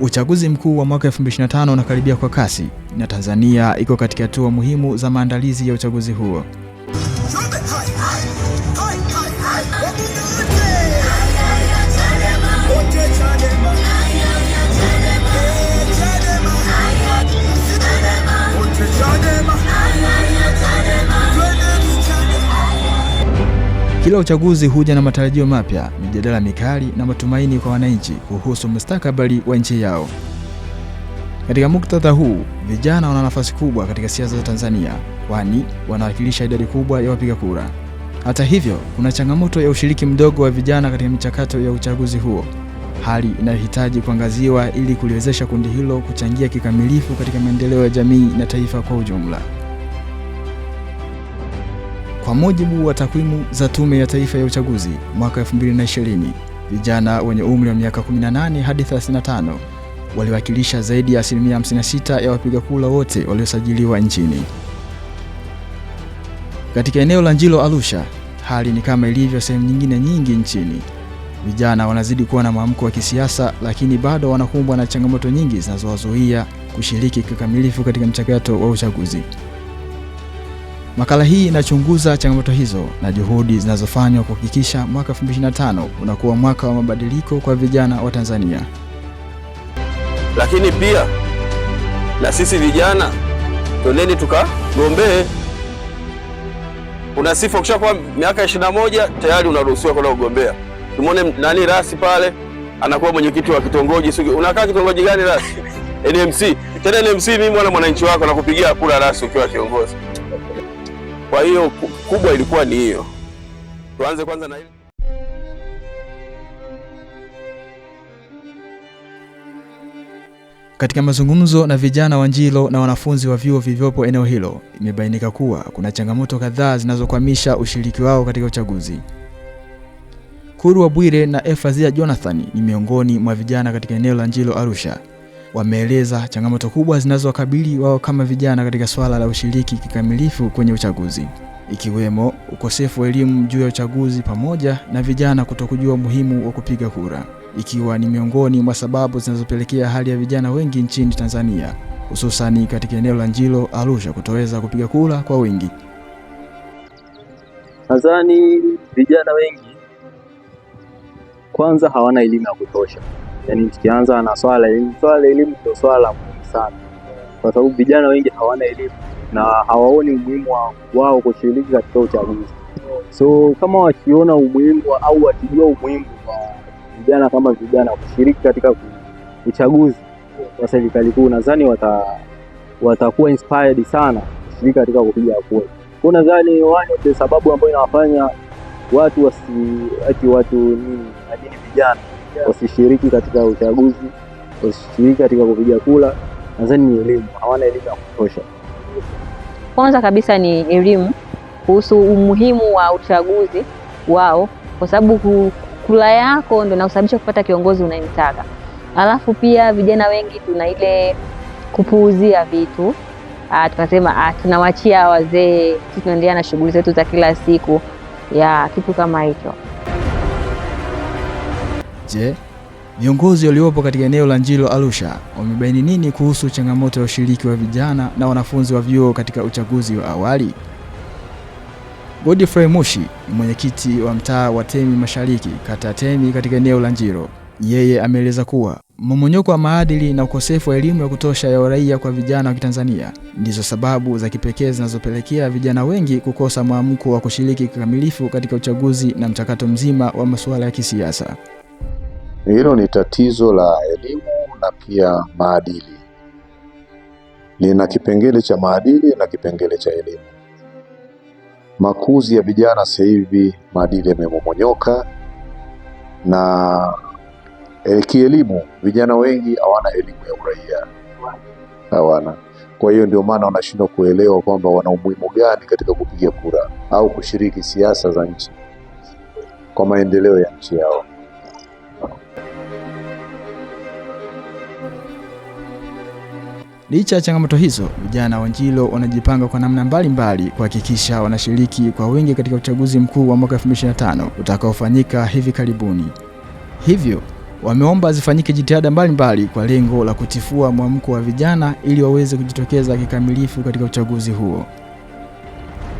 Uchaguzi mkuu wa mwaka 2025 unakaribia kwa kasi na Tanzania iko katika hatua muhimu za maandalizi ya uchaguzi huo. Kila uchaguzi huja na matarajio mapya, mijadala mikali na matumaini kwa wananchi kuhusu mustakabali wa nchi yao. Katika muktadha huu, vijana wana nafasi kubwa katika siasa za Tanzania, kwani wanawakilisha idadi kubwa ya wapiga kura. Hata hivyo, kuna changamoto ya ushiriki mdogo wa vijana katika michakato ya uchaguzi huo, hali inayohitaji kuangaziwa ili kuliwezesha kundi hilo kuchangia kikamilifu katika maendeleo ya jamii na taifa kwa ujumla. Kwa mujibu wa takwimu za Tume ya Taifa ya Uchaguzi mwaka 2020, vijana wenye umri wa miaka 18 hadi 35 waliwakilisha zaidi ya asilimia 56 ya wapiga kura wote waliosajiliwa nchini. Katika eneo la Njilo Arusha, hali ni kama ilivyo sehemu nyingine nyingi nchini. Vijana wanazidi kuwa na mwamko wa kisiasa, lakini bado wanakumbwa na changamoto nyingi zinazowazuia kushiriki kikamilifu katika mchakato wa uchaguzi. Makala hii inachunguza changamoto hizo na juhudi zinazofanywa kuhakikisha mwaka 2025 unakuwa mwaka wa mabadiliko kwa vijana wa Tanzania. Lakini pia na sisi vijana twendeni tukagombee. Una sifa ukishakuwa miaka 21 tayari unaruhusiwa kwenda kugombea. Tumwone nani rasi pale anakuwa mwenyekiti wa kitongoji. Unakaa kitongoji gani rasi? NMC. Tena NMC mimi mwana mwananchi wako nakupigia kura rasi ukiwa kiongozi. Kwa hiyo kubwa ilikuwa ni hiyo. Tuanze kwanza na hili. Katika mazungumzo na vijana wa Njilo na wanafunzi wa vyuo vilivyopo eneo hilo, imebainika kuwa kuna changamoto kadhaa zinazokwamisha ushiriki wao katika uchaguzi. kuru wa Bwire na Efazia Jonathan ni miongoni mwa vijana katika eneo la Njilo Arusha wameeleza changamoto kubwa zinazowakabili wao kama vijana katika swala la ushiriki kikamilifu kwenye uchaguzi ikiwemo ukosefu wa elimu juu ya uchaguzi pamoja na vijana kutokujua umuhimu wa kupiga kura, ikiwa ni miongoni mwa sababu zinazopelekea hali ya vijana wengi nchini Tanzania hususani katika eneo la Njilo, Arusha kutoweza kupiga kura kwa wingi. Nadhani vijana wengi kwanza hawana elimu ya kutosha. Yani tukianza na swala elimu, swala elimu ndio swala la muhimu sana, kwa sababu vijana wengi hawana elimu na hawaoni umuhimu wao kushiriki katika uchaguzi. So kama wakiona umuhimu au wakijua umuhimu wa vijana kama vijana kushiriki katika uchaguzi wa serikali kuu, nadhani wata watakuwa inspired sana kushiriki katika kupiga kura. Kwa nadhani wani sababu ambayo inawafanya watu wasi ati watu nini, lakini vijana wasishiriki katika uchaguzi, wasishiriki katika kupiga kura. Nadhani ni elimu, hawana elimu ya kutosha. Kwanza kabisa ni elimu kuhusu umuhimu wa uchaguzi wao, kwa sababu kura yako ndio inasababisha kupata kiongozi unayemtaka. Alafu pia vijana wengi tuna ile kupuuzia vitu ah, tunasema ah, tunawachia wazee, tunaendelea na shughuli zetu za kila siku ya kitu kama hicho. Je, viongozi waliopo katika eneo la Njilo Arusha wamebaini nini kuhusu changamoto ya ushiriki wa vijana na wanafunzi wa vyuo katika uchaguzi wa awali? Godfrey Mushi ni mwenyekiti wa mtaa wa Temi Mashariki, kata ya Temi katika eneo la Njiro. Yeye ameeleza kuwa mmomonyoko wa maadili na ukosefu wa elimu ya kutosha ya uraia kwa vijana wa Kitanzania ndizo sababu za kipekee zinazopelekea vijana wengi kukosa mwamko wa kushiriki kikamilifu katika uchaguzi na mchakato mzima wa masuala ya kisiasa. Hilo ni tatizo la elimu na pia maadili. Lina kipengele cha maadili na kipengele cha elimu. Makuzi ya vijana sasa hivi maadili yamemomonyoka, na eh, kielimu vijana wengi hawana elimu ya uraia, hawana. Kwa hiyo ndio maana wanashindwa kuelewa kwamba wana umuhimu gani katika kupiga kura au kushiriki siasa za nchi kwa maendeleo ya nchi yao. Licha ya changamoto hizo, vijana wa Njilo wanajipanga kwa namna mbalimbali kuhakikisha wanashiriki kwa wingi katika uchaguzi mkuu wa mwaka 2025 utakaofanyika hivi karibuni. Hivyo wameomba zifanyike jitihada mbalimbali kwa lengo la kutifua mwamko wa vijana ili waweze kujitokeza kikamilifu katika uchaguzi huo.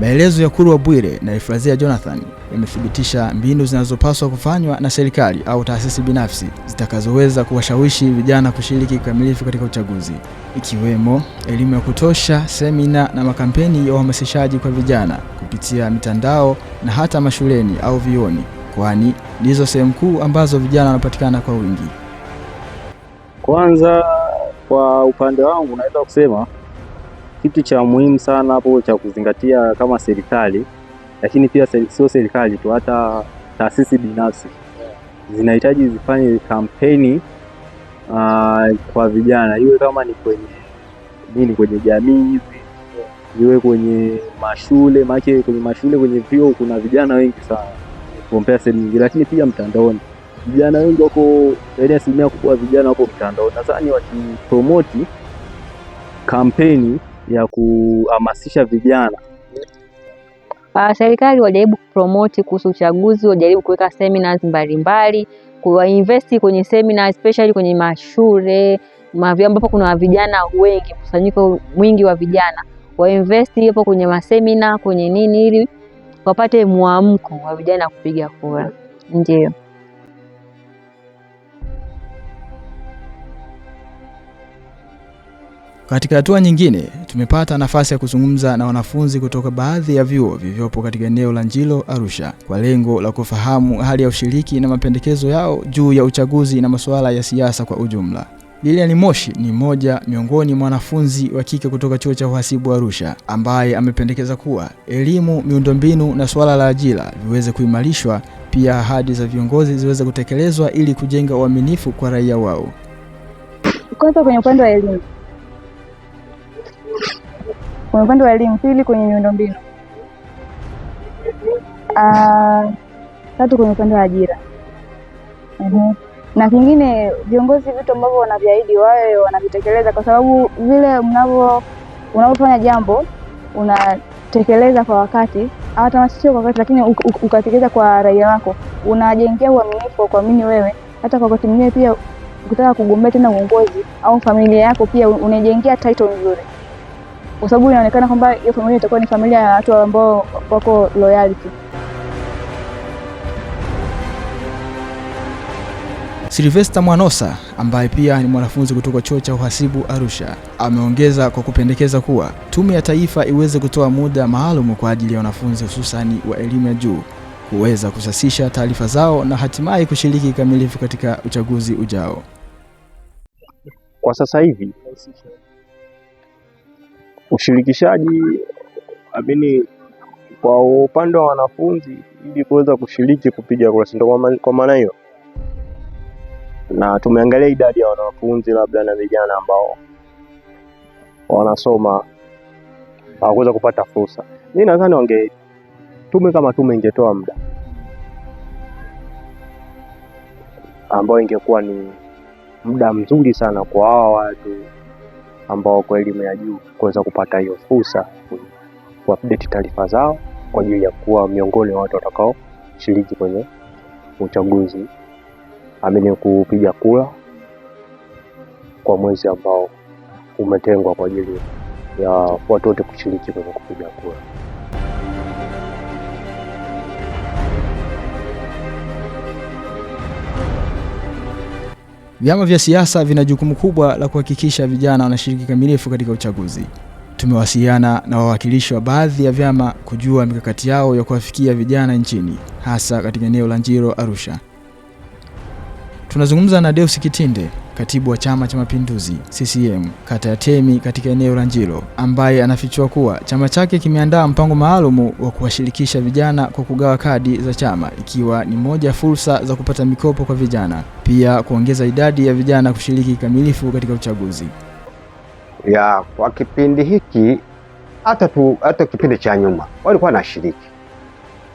Maelezo ya Kurwa Bwire na Efrazia Jonathan yamethibitisha mbinu zinazopaswa kufanywa na serikali au taasisi binafsi zitakazoweza kuwashawishi vijana kushiriki kikamilifu katika uchaguzi, ikiwemo elimu ya kutosha, semina na makampeni ya uhamasishaji kwa vijana kupitia mitandao na hata mashuleni au vioni, kwani ndizo sehemu kuu ambazo vijana wanapatikana kwa wingi. Kwanza, kwa upande wangu naweza kusema kitu cha muhimu sana hapo cha kuzingatia kama serikali, lakini pia sio serikali tu, hata taasisi binafsi zinahitaji zifanye kampeni uh, kwa vijana, iwe kama ni kwenye nini, kwenye jamii hivi, iwe kwenye mashule, maana kwenye mashule, kwenye vyuo kuna vijana wengi sana kuombea sehemu nyingi, lakini pia mtandaoni vijana wengi wako, yaani asilimia kubwa vijana wako mtandaoni. Nadhani wakipromoti kampeni ya kuhamasisha vijana? Uh, serikali wajaribu kupromoti kuhusu uchaguzi, wajaribu kuweka seminars mbalimbali, kuinvesti kwenye seminars especially kwenye mashule mavyo ambapo kuna vijana wengi, mkusanyiko mwingi wa vijana, wainvesti hapo kwenye masemina kwenye nini, ili wapate mwamko wa vijana kupiga kura, ndio. Katika hatua nyingine, tumepata nafasi ya kuzungumza na wanafunzi kutoka baadhi ya vyuo vilivyopo katika eneo la Njilo, Arusha, kwa lengo la kufahamu hali ya ushiriki na mapendekezo yao juu ya uchaguzi na masuala ya siasa kwa ujumla. Lilian Moshi ni mmoja miongoni mwa wanafunzi wa kike kutoka chuo cha uhasibu Arusha, ambaye amependekeza kuwa elimu, miundombinu na suala la ajira viweze kuimarishwa, pia ahadi za viongozi ziweze kutekelezwa ili kujenga uaminifu kwa raia wao. Kwanza kwenye upande wa elimu kwenye upande wa elimu, pili kwenye miundombinu, ah, tatu kwenye upande wa ajira. Uhum. Na kingine viongozi, vitu ambavyo wanaviahidi wawe wanavitekeleza, kwa sababu vile mnavyo unavyofanya jambo unatekeleza kwa wakati, hawatamasisio kwa wakati, lakini ukatekeleza kwa raia wako, unajengea uaminifu wa kuamini wewe. Hata kwa wakati mwingine pia ukitaka kugombea tena uongozi au familia yako, pia unajengea title nzuri kwa sababu inaonekana kwamba hiyo familia itakuwa ni familia ya watu ambao wako loyalty. Silvesta Mwanosa ambaye pia ni mwanafunzi kutoka chuo cha uhasibu Arusha ameongeza kwa kupendekeza kuwa Tume ya Taifa iweze kutoa muda maalum kwa ajili ya wanafunzi hususani wa elimu ya juu kuweza kusasisha taarifa zao na hatimaye kushiriki kikamilifu katika uchaguzi ujao. Kwa sasa hivi Ushirikishaji amini kwa upande wa wanafunzi ili kuweza kushiriki kupiga kura, si ndio? Kwa maana- hiyo, na tumeangalia idadi ya wanafunzi labda na vijana ambao wanasoma hawakuweza kupata fursa. Mimi nadhani wange tume kama tume ingetoa muda ambao ingekuwa ni muda mzuri sana kwa hawa watu ambao wako elimu ya juu kuweza kupata hiyo fursa kuupdate taarifa zao kwa ajili ya kuwa miongoni wa watu watakao shiriki kwenye uchaguzi amini kupiga kura kwa mwezi ambao umetengwa kwa ajili ya watu wote kushiriki kwenye kupiga kura. Vyama vya siasa vina jukumu kubwa la kuhakikisha vijana wanashiriki kamilifu katika uchaguzi. Tumewasiliana na wawakilishi wa baadhi ya vyama kujua mikakati yao ya kuwafikia vijana nchini, hasa katika eneo la Njiro, Arusha. Tunazungumza na Deus Kitinde, katibu wa Chama cha Mapinduzi CCM kata ya Temi katika eneo la Njilo, ambaye anafichua kuwa chama chake kimeandaa mpango maalum wa kuwashirikisha vijana kwa kugawa kadi za chama, ikiwa ni moja ya fursa za kupata mikopo kwa vijana, pia kuongeza idadi ya vijana kushiriki kikamilifu katika uchaguzi. Ya kwa kipindi hiki hata tu hata kipindi cha nyuma walikuwa wanashiriki,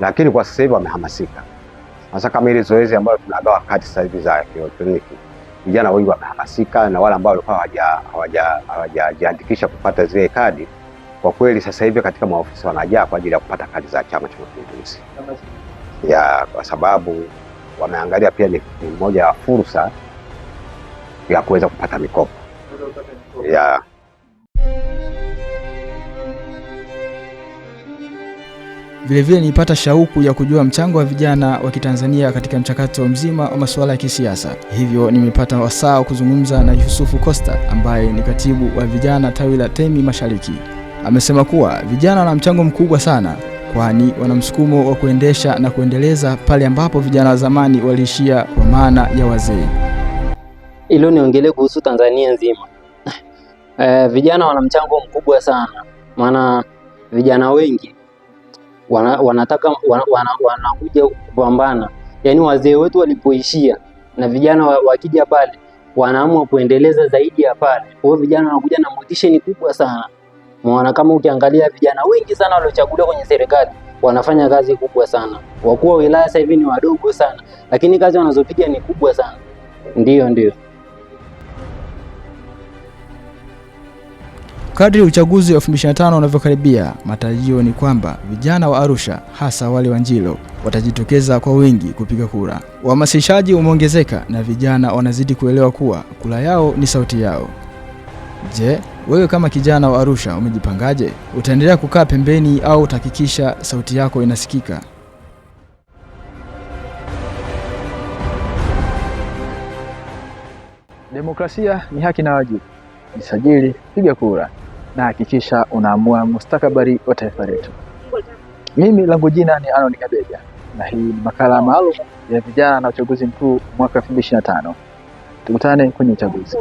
lakini kwa sasa hivi wamehamasika hasa kama ile zoezi ambayo tunagawa wakati sasa hivi za kielektroniki, vijana wengi wamehamasika, na wale ambao walikuwa hawajajiandikisha kupata zile kadi, kwa kweli sasa hivi katika maofisi wanajaa kwa ajili ya kupata kadi za Chama cha Mapinduzi ya kwa sababu wameangalia pia ni moja ya fursa ya kuweza kupata mikopo ya Vilevile nilipata shauku ya kujua mchango wa vijana wa Kitanzania katika mchakato mzima wa masuala ya kisiasa. Hivyo nimepata wasaa wa kuzungumza na Yusufu Costa ambaye ni katibu wa vijana tawi la Temi Mashariki. Amesema kuwa vijana wana mchango mkubwa sana kwani wana msukumo wa kuendesha na kuendeleza pale ambapo vijana wa zamani waliishia kwa maana ya wazee. Ilo niongelee kuhusu Tanzania nzima. E, vijana wana mchango mkubwa sana maana vijana wengi wana, wanataka wana, wana, wanakuja kupambana. Yaani wazee wetu walipoishia na vijana wakija pale wanaamua kuendeleza zaidi ya pale. Kwa hiyo vijana wanakuja na ni kubwa sana. maana kama ukiangalia vijana wengi sana waliochaguliwa kwenye serikali wanafanya kazi kubwa sana. Wakuu wa wilaya sasa hivi ni wadogo sana, lakini kazi wanazopiga ni kubwa sana. Ndiyo, ndio Kadri uchaguzi wa 2025 unavyokaribia, matarajio ni kwamba vijana wa Arusha hasa wale wa Njilo watajitokeza kwa wingi kupiga kura. Uhamasishaji umeongezeka na vijana wanazidi kuelewa kuwa kura yao ni sauti yao. Je, wewe kama kijana wa Arusha umejipangaje? Utaendelea kukaa pembeni au utahakikisha sauti yako inasikika? Demokrasia ni haki na wajibu. Jisajili, piga kura na hakikisha unaamua mustakabali wa taifa letu. Mimi langu jina ni Anon Kabeja na hii ni makala maalum ya vijana na uchaguzi mkuu mwaka 2025. Tukutane kwenye uchaguzi.